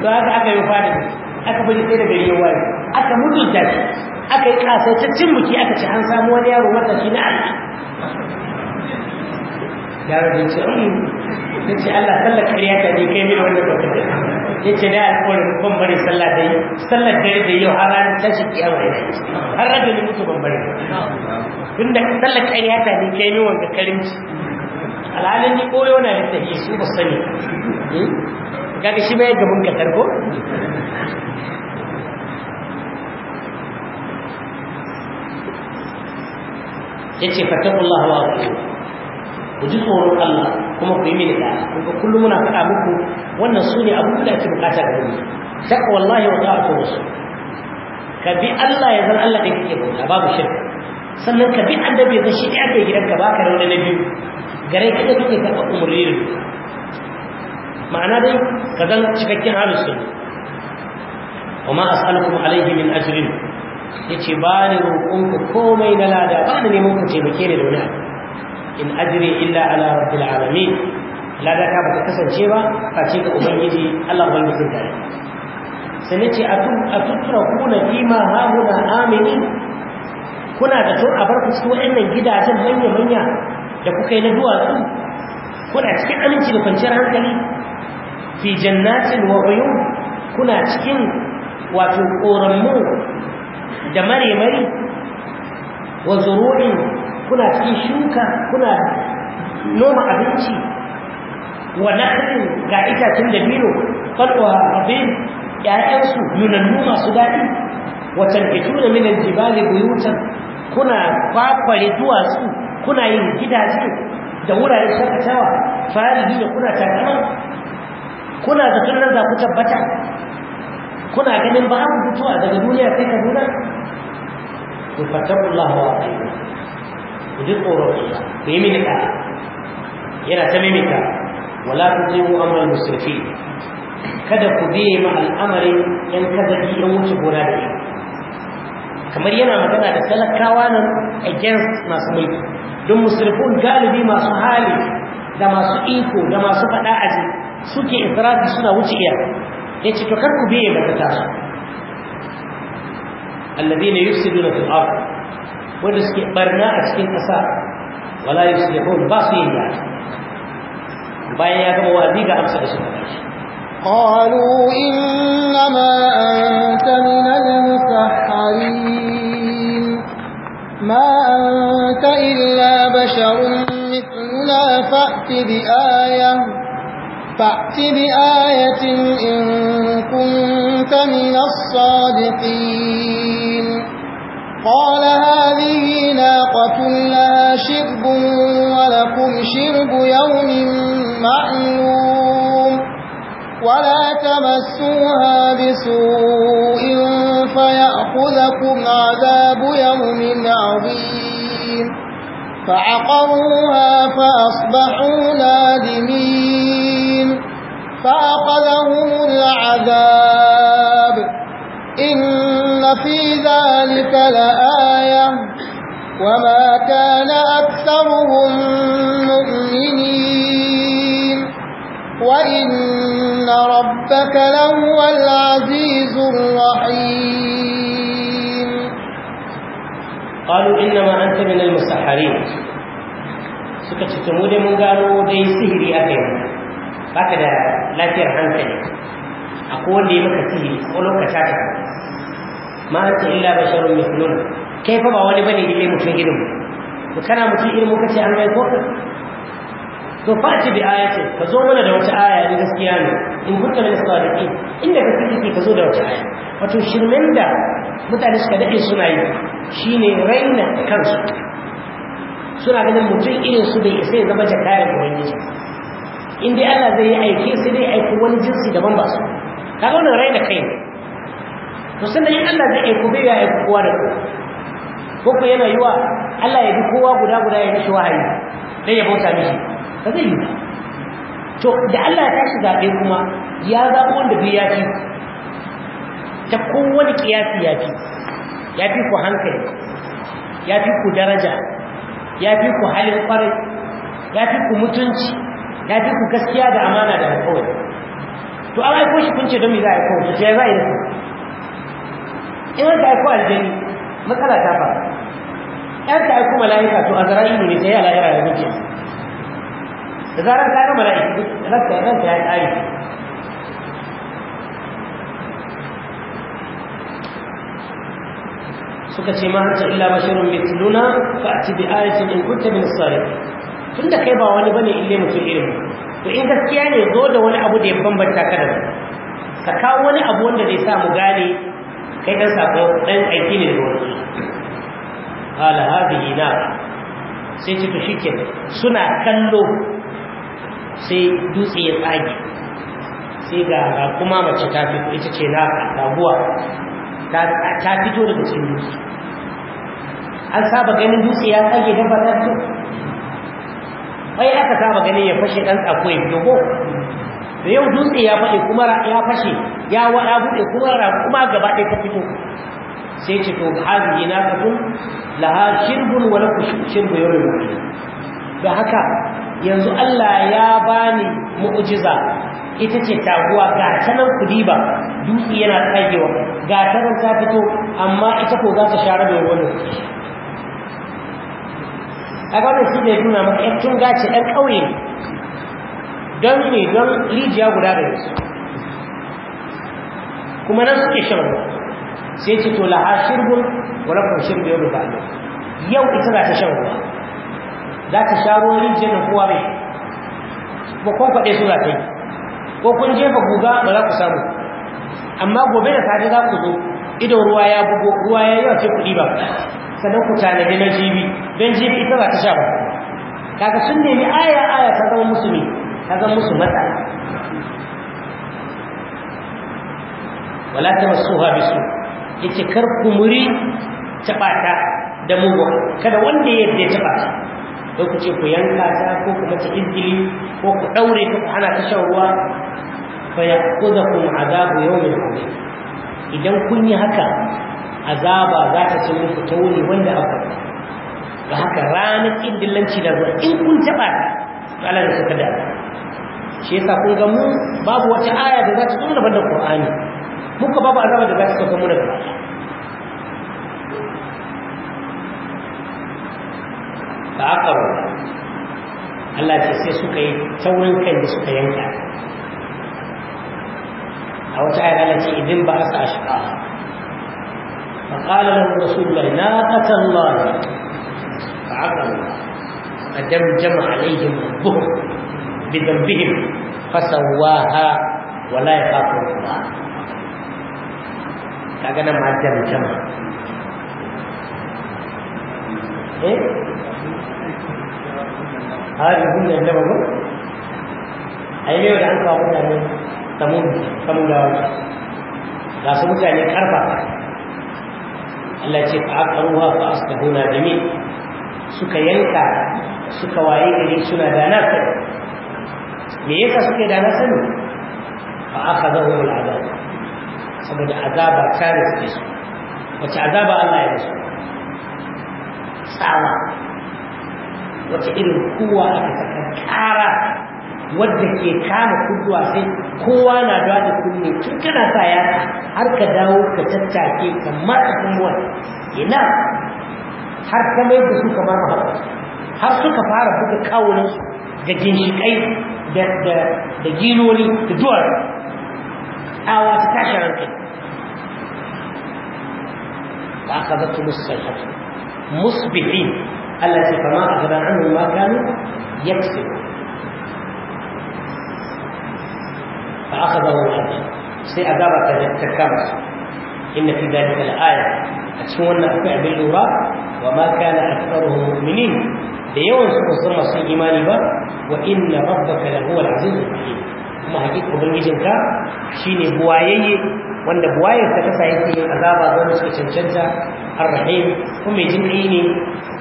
to haka aka yi fadi, aka bari sai da gari ya waye aka mutunta shi aka yi kasaitaccen biki aka ci an samu wani yaro matashi na Allah yaro da ce na mm. ce Allah sallar ƙarya ta ne kai mini wanda kawai ya ce da alƙawarin ban bari sallah da yi sallar dare da yau har ranar tashi kiyama ya yi har ranar da mutu ban bari tun da sallar ƙarya ta ne kai mini wanda karimci alhalin ni koyo na da tafi su ba sani hmm? kaga shi bai gaban ka tarko yace fatakullahu wa ku ji tsoron Allah kuma ku yi mini da kuka ga kullum muna faɗa muku wannan su ne abin da ake bukata ga mu shakka wallahi wa ta'a ku ka bi Allah ya zan Allah da kake bauta babu shirka sannan ka bi annabi ya zan shi ɗaya kai gidanka ba ka na biyu gare ka da kake karɓar umarni da ma'ana dai ka zan cikakken halin sunna wa ma as'alukum alayhi min ajrin yace ba ni roƙonku komai na lada ba ni neman ku taimake ni da wani abu in ajri illa ala rabbil alamin da ka bata kasance ba ce ga ubangiji Allah ubangijin dare sai nace atun atutrakuna fima hauna amini kuna da to a barku cikin wayannan gidajen manya manya da kuka yi na duwatsu kuna cikin aminci da kwanciyar hankali fi jannatin wa uyun kuna cikin wato koranmu da mare mare wa zuru'in kuna cikin shuka kuna noma abinci wa nakhlin ga itacen dabino falwa abin ƴaƴansu yunannu masu daɗi wa tanfituna min aljibali buyutan kuna kwakware duwatsu kuna yin gidaje da wuraren shakatawa farihi da kuna takama kuna zaton nan za ku tabbata kuna ganin ba mutuwa daga duniya sai kaduna to fattakullahu wa aqim ku ji tsoron Allah ku yi mini yana ta mimika wala tujibu amal musrifin kada ku biya ma al'amarin yan kazafi yan wuce gona da yau kamar yana magana da talakawa nan against masu don musulfun galibi masu hali da masu iko da masu faɗa suke israfi suna wuce iya ya ce to kar ku biye ba ta tasu alladhina yufsiduna fil ardh ورزقي برنا اسكين قصا ولا يسلحون باقين يعني باقي يا كمو وادي قالوا إنما أنت من المسحرين ما أنت إلا بشر مثلنا فأت بآية فأت بآية إن كنت من الصادقين قال هذه ناقة لها شرب ولكم شرب يوم معلوم ولا تمسوها بسوء فيأخذكم عذاب يوم عظيم فعقروها فأصبحوا نادمين فأخذهم العذاب إن في ذلك لآية وما كان أكثرهم مؤمنين وإن ربك لهو العزيز الرحيم قالوا إنما أنت من المسحرين سكتتموني من قالوا دي سهري أبين baka da lafiyar hankali akwai wanda ya maka sihiri ko lokacin ma anta illa basharun mithluna kai fa ba wani bane dai mutum irin to kana mutum irin muka ce an mai ko to fati bi ayati ka zo mana da wata aya in gaskiya ne in kunta min sadiqi inda ka kike ka zo da wata aya wato shirmen da mutane suka dade suna yi shine raina kansu suna ganin mutum irin su bai sai zama jakarar ubangiji in dai Allah zai yi aiki sai dai aiki wani jinsi daban ba su kaga wannan raina kai ne to sannan in Allah zai aiko bai ya aiko kowa da kowa ko ku yana yiwa Allah ya bi kowa guda guda ya mishi wahayi dai ya bauta mishi ba zai yi to da Allah ya tashi zaɓe kuma ya zaɓi wanda bai ya fi ta kowane kiyasi ya fi ya fi ku hankali ya fi ku daraja ya fi ku halin kwarai ya fi ku mutunci ya fi ku gaskiya da amana da alƙawari to an aiko shi kun ce don me za a aiko shi ya za a yi in an aiko aljani matsala ta faru an ka aiko mala'ika to azra'ilu ne sai ala'ira ya muke da zarar ka ga mala'ika ranka ranka ya tsari suka ce ma hanta illa bashirun mithluna fa'ti bi ayatin in kunta min as-salihin tunda kai ba wani bane ille mutum irin to in gaskiya ne zo da wani abu da ya bambanta ka da ka kawo wani abu wanda zai sa mu gane kai ɗan sako dan aiki ne daga wani hala hadhihi na sai ci to shike suna kallo sai dutse ya tsage sai ga kuma mace ta fito ita ce na raguwa ta fito daga cikin dutse an saba ganin dutse ya tsage dabba ta fito Wai aka saba ganin ya fashe dan tsako ya fito ko da yau dutse ya faɗe kuma ya fashe ya waɗa buɗe kuma kuma gaba ɗaya ka fito sai ce to ga hazi na kafin laha shirbun wani da yau da da haka yanzu Allah ya bani mu'ujiza ita ce taguwa ga ta nan kudi ba dutse yana tsagewa ga ta nan ta fito amma ita ko za ta share da wani a gaba shi ne nuna maka yan tunga yan ƙauye don ne don rijiya guda da yasu kuma nan suke shan ruwa sai ce to laha shirgun wani kuma da yau da yau ita za ta shan ruwa za ta sha ruwan rijiya da kowa mai ba kun faɗe su za ta yi ko kun jefa guga ba za ku samu amma gobe da safe za ku zo idon ruwa ya bugo ruwa ya yawa ce kuɗi ba sannan ku tanadi na jibi don jibi ita za ta sha ba kaga sun nemi aya aya ta zama musulmi ka zan musu matsala wala ta masu bisu, ya ce kar muri taɓata da mugu kada wanda ya yadda ya taɓa ko ku ce ku yanka ta ko kuma ta injili ko ku ɗaure ta hana ta shan ruwa fa ya kuza azabu yau mai idan kun yi haka azaba za ta ci muku ta wuri wanda aka ba haka ranar ƙin da ruwa in kun taɓa ta Allah da suka da shi yasa kun ga mu babu wata aya da za ta tsoka daban da Qur'ani muka babu azaba da za ta tsoka mu daga baya fa aqaru Allah ce sai suka yi taurin kai da suka yanka a wata ayar Allah ce idan ba asa ashqa fa qala lahu rasulullah naqata Allah fa aqaru adam jama alaihim rabbuhum bi dhanbihim fasawaha wala ya kafa ba kaga nan ma jam eh hari hun da annaba ba ai ne da an kawo mutane samun samun da ga su mutane karfa Allah ce fa aqruha fa asbahuna jami suka yanka suka waye gari suna da nafi me yasa suke da na sani fa akhadahum al'adab saboda azaba ta riske su wace azaba Allah ya musu tsawa wace irin kowa aka saka kara wadda ke kama kuduwa sai kowa na da kunne tun kana sa yaka har ka dawo ka tattake kamar a kunwa ina har ka mai da su har suka fara buga kawunan su da ginshiƙai da giloli da duwar tsawa ta tashi hankali ba aka zata musulhatu musbihi Allah ce fama a gaba an ma gano ya fi ba aka zama wani sai a gaba ta kama إن في ذلك الآية أتشون أكبر باللغة وما كان أكثرهم مؤمنين da yawan su kusan masu imani ba wa inna rabbaka la huwa al-aziz al-hakim kuma hakika ubangijinka shine buwayayye wanda buwayar ta kasa yake yin azaba ga wanda suka cancanta ar-rahim kuma mai jinkai ne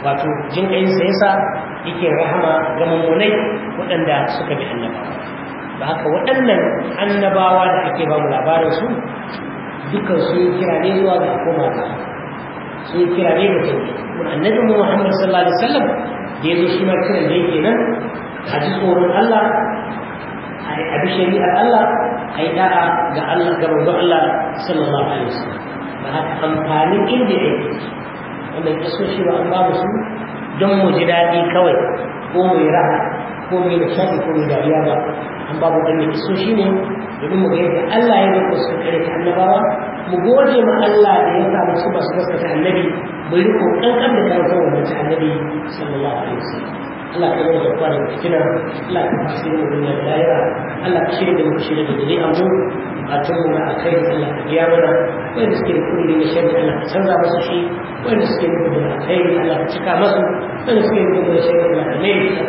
wato jin sa yasa yake rahama ga mummunai waɗanda suka bi annabawa ba haka waɗannan annabawa da ake ba mu labarin su dukkan su kira ne zuwa ga koma sun kira ne ga Wani annabi Muhammad sallallahu alaihi wasallam da zo shi ma kiran dai kenan a ji tsoron Allah a bi shari'ar Allah a yi da'a ga Allah ga manzon Allah sallallahu alaihi wasallam ba haka amfanin inda ya yi wanda ya so shi ba an ba su don mu ji daɗi kawai ko mu yi raha ko mu yi nishaɗi ko mu dariya ba an ba mu ɗan ya so shi ne domin mu ga yadda Allah ya yi ko su kare annabawa mu gode ma Allah da ya samu su masu gaskata annabi mu riko kankan da kan wa annabi sallallahu alaihi wasallam Allah ka a da kwana da fitina Allah ka fasi mu da lahira Allah ka shirya da mu shirya da dare an a tun mu a kai Allah ka biya mana wanda suke da kulli na shirya Allah ka canza masu shi wanda suke da a kai Allah ka cika masu wanda suke da da shirya Allah ka mai da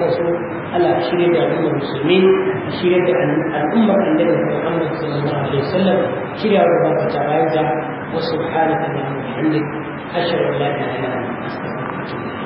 Allah ka shirya da al'ummar musulmi ka shirya da al'ummar annabi Muhammad sallallahu alaihi wasallam shirya wa ba ta bayan da wasu subhanaka wa bihamdik ashhadu an la ilaha illa anta astaghfiruka wa atubu